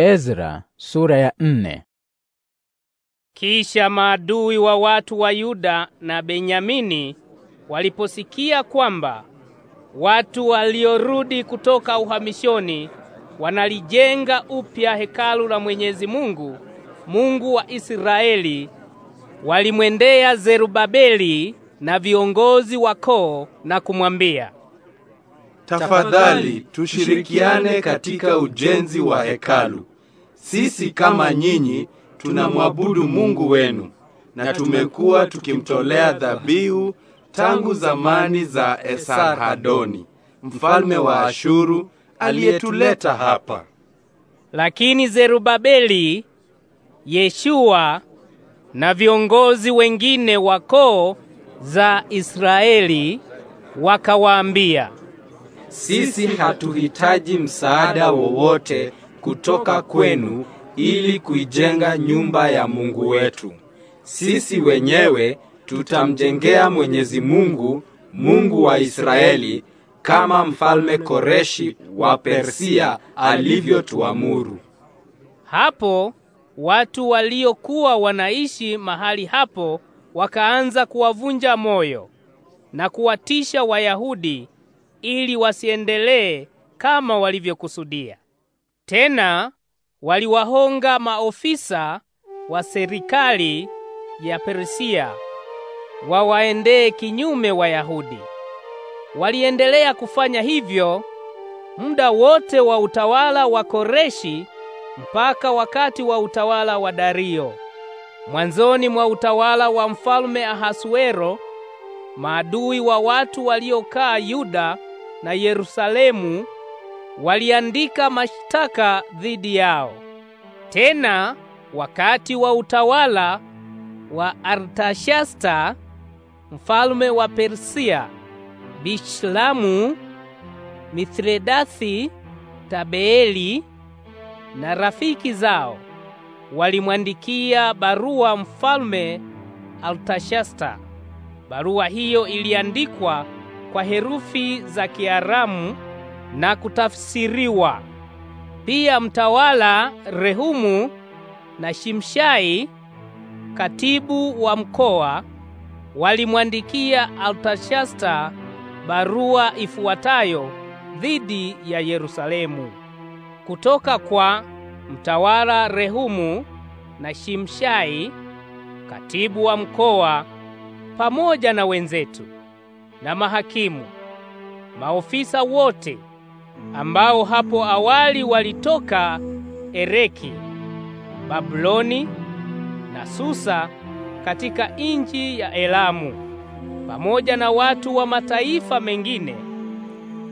Ezra sura ya nne. Kisha maadui wa watu wa Yuda na Benyamini waliposikia kwamba watu waliorudi kutoka uhamishoni wanalijenga upya hekalu la Mwenyezi Mungu, Mungu wa Israeli, walimwendea Zerubabeli na viongozi wa koo na kumwambia, tafadhali tushirikiane katika ujenzi wa hekalu. Sisi kama nyinyi tunamwabudu Mungu wenu na tumekuwa tukimtolea dhabihu tangu zamani za Esarhadoni mfalme wa Ashuru aliyetuleta hapa. Lakini Zerubabeli, Yeshua na viongozi wengine wa koo za Israeli wakawaambia, sisi hatuhitaji msaada wowote kutoka kwenu ili kuijenga nyumba ya Mungu wetu. Sisi wenyewe tutamjengea Mwenyezi Mungu, Mungu wa Israeli, kama mfalme Koreshi wa Persia alivyotuamuru. Hapo watu waliokuwa wanaishi mahali hapo wakaanza kuwavunja moyo na kuwatisha Wayahudi ili wasiendelee kama walivyokusudia. Tena waliwahonga maofisa wa serikali ya Persia wawaendee kinyume Wayahudi. Waliendelea kufanya hivyo muda wote wa utawala wa Koreshi mpaka wakati wa utawala wa Dario. Mwanzoni mwa utawala wa mfalme Ahasuero, maadui wa watu waliokaa Yuda na Yerusalemu waliandika mashtaka dhidi yao. Tena wakati wa utawala wa Artashasta mfalme wa Persia, Bishlamu, Mithredathi, Tabeeli na rafiki zao walimwandikia barua mfalme Artashasta. Barua hiyo iliandikwa kwa herufi za Kiaramu na kutafsiriwa. Pia mtawala Rehumu na Shimshai katibu wa mkoa walimwandikia Altashasta barua ifuatayo dhidi ya Yerusalemu. Kutoka kwa mtawala Rehumu na Shimshai katibu wa mkoa pamoja na wenzetu na mahakimu, maofisa wote ambao hapo awali walitoka Ereki, Babuloni na Susa katika inji ya Elamu, pamoja na watu wa mataifa mengine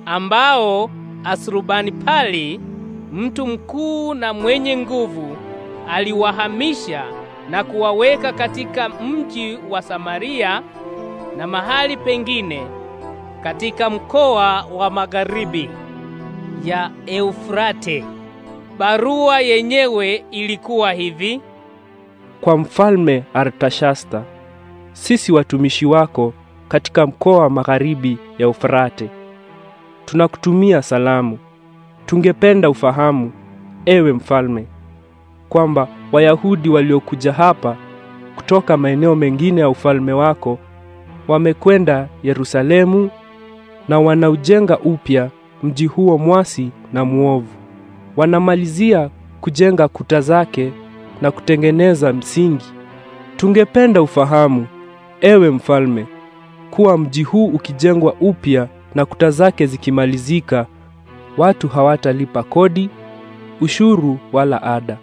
ambao Asurbanipali mtu mkuu na mwenye nguvu aliwahamisha na kuwaweka katika mji wa Samaria na mahali pengine katika mkoa wa magharibi ya Eufrate. Barua yenyewe ilikuwa hivi: kwa mfalme Artashasta, sisi watumishi wako katika mkoa wa magharibi ya Eufrate tunakutumia salamu. Tungependa ufahamu, ewe mfalme, kwamba Wayahudi waliokuja hapa kutoka maeneo mengine ya ufalme wako wamekwenda Yerusalemu na wanaujenga upya mji huo mwasi na mwovu. Wanamalizia kujenga kuta zake na kutengeneza msingi. Tungependa ufahamu, ewe mfalme, kuwa mji huu ukijengwa upya na kuta zake zikimalizika, watu hawatalipa kodi, ushuru wala ada,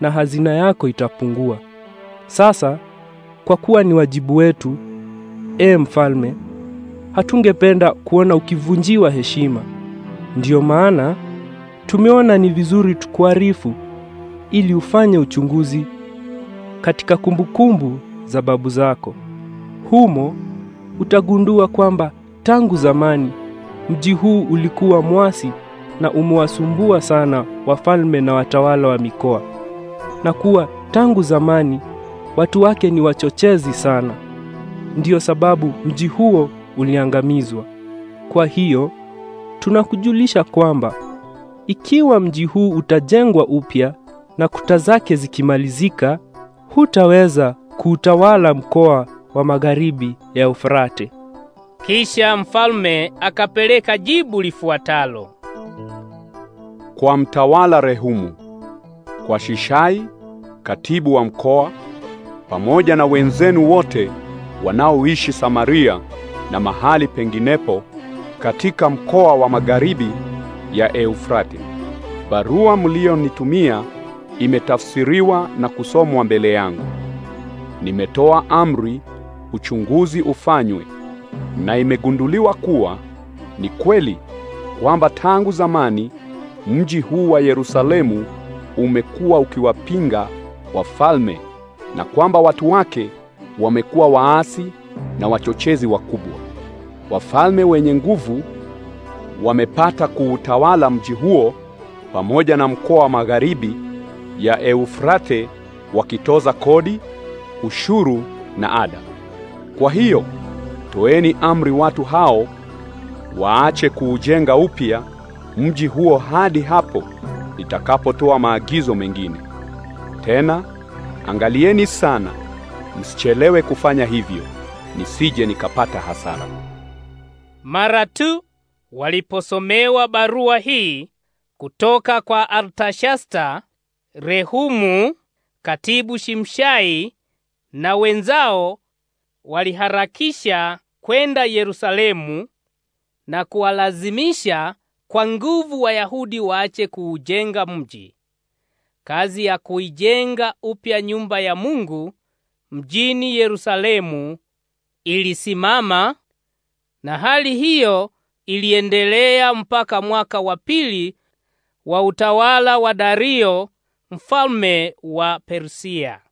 na hazina yako itapungua. Sasa, kwa kuwa ni wajibu wetu Ee mfalme, hatungependa kuona ukivunjiwa heshima. Ndiyo maana tumeona ni vizuri tukuarifu ili ufanye uchunguzi katika kumbukumbu za babu zako. Humo utagundua kwamba tangu zamani mji huu ulikuwa mwasi na umewasumbua sana wafalme na watawala wa mikoa, na kuwa tangu zamani watu wake ni wachochezi sana. Ndiyo sababu mji huo uliangamizwa. Kwa hiyo tunakujulisha kwamba ikiwa mji huu utajengwa upya na kuta zake zikimalizika, hutaweza kuutawala mkoa wa magharibi ya Ufrate. Kisha mfalme akapeleka jibu lifuatalo kwa mtawala Rehumu, kwa Shishai katibu wa mkoa, pamoja na wenzenu wote wanaoishi Samaria na mahali penginepo katika mkoa wa magharibi ya Eufrate. Barua mlionitumia imetafsiriwa na kusomwa mbele yangu. Nimetoa amri uchunguzi ufanywe, na imegunduliwa kuwa ni kweli kwamba tangu zamani mji huu wa Yerusalemu umekuwa ukiwapinga wafalme na kwamba watu wake wamekuwa waasi na wachochezi wakubwa. Wafalme wenye nguvu wamepata kuutawala mji huo pamoja na mkoa wa magharibi ya Eufrate, wakitoza kodi, ushuru na ada. Kwa hiyo toeni amri watu hao waache kuujenga upya mji huo hadi hapo nitakapotoa maagizo mengine. Tena angalieni sana msichelewe kufanya hivyo, nisije nikapata hasara. Mara tu waliposomewa barua hii kutoka kwa Artashasta, Rehumu, katibu Shimshai na wenzao waliharakisha kwenda Yerusalemu na kuwalazimisha kwa nguvu Wayahudi waache kuujenga mji. Kazi ya kuijenga upya nyumba ya Mungu mjini Yerusalemu ilisimama, na hali hiyo iliendelea mpaka mwaka wa pili wa utawala wa Dario mfalme wa Persia.